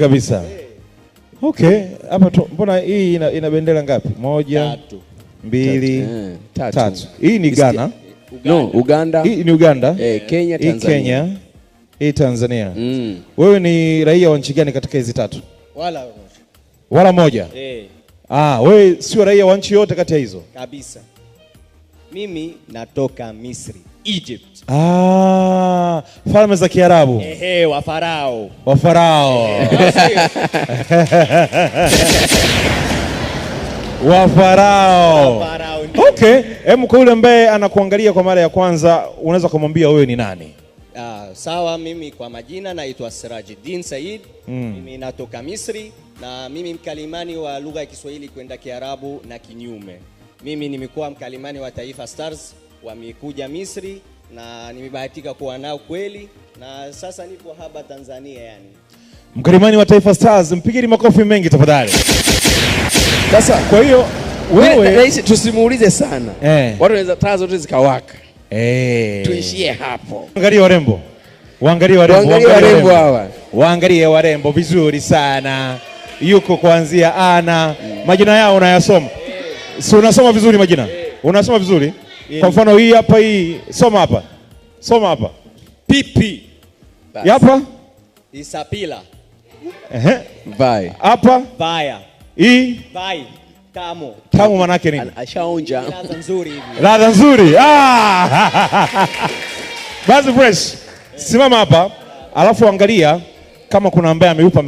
Kabisa. Okay, hapa mbona hii ina, ina bendera ngapi? Moja, tatu, mbili, tatu. Tatu. Tatu. Hii ni Ghana. Uganda. No, Uganda. Hii ni Uganda. Eh, Kenya, Tanzania. Hii Kenya, hii Tanzania. Mm. Wewe ni raia wa nchi gani katika hizi tatu? Wala moja. wala moja. Eh. Ah, wewe sio raia wa nchi yote kati ya hizo? Kabisa. Mimi natoka Misri. Egypt. Ah, falme za Kiarabu. Ehe, wa Farao. Wa Farao. Wa Farao. Okay, hebu kwa yule ambaye anakuangalia kwa mara ya kwanza unaweza kumwambia wewe ni nani? Uh, sawa, mimi kwa majina naitwa Sirajuddin Said. Mm. Mimi natoka Misri na mimi mkalimani wa lugha ya Kiswahili kwenda Kiarabu na kinyume. Mimi nimekuwa mkalimani wa Taifa Stars wamekuja Misri na nimebahatika kuwa nao kweli, na sasa nipo hapa Tanzania. Yani mkalimani wa Taifa Stars, mpigeni makofi mengi tafadhali. Sasa kwa hiyo wewe, tusimuulize sana eh, watu wanaweza taa zote zikawaka eh, tuishie hapo. Angalia warembo, waangalie warembo, warembo hawa, waangalie warembo vizuri sana, yuko kuanzia ana majina yao unayasoma, si unasoma vizuri majina, unasoma vizuri kwa mfano hii hapa hii, soma hapa, soma hapa pipi hapa isapila vai hapa vaya hii vai tamu tamu, manake nini? Ashaonja ladha nzuri hivi, ladha nzuri ah, basi fresh. Simama hapa, alafu angalia kama kuna ambaye ameupa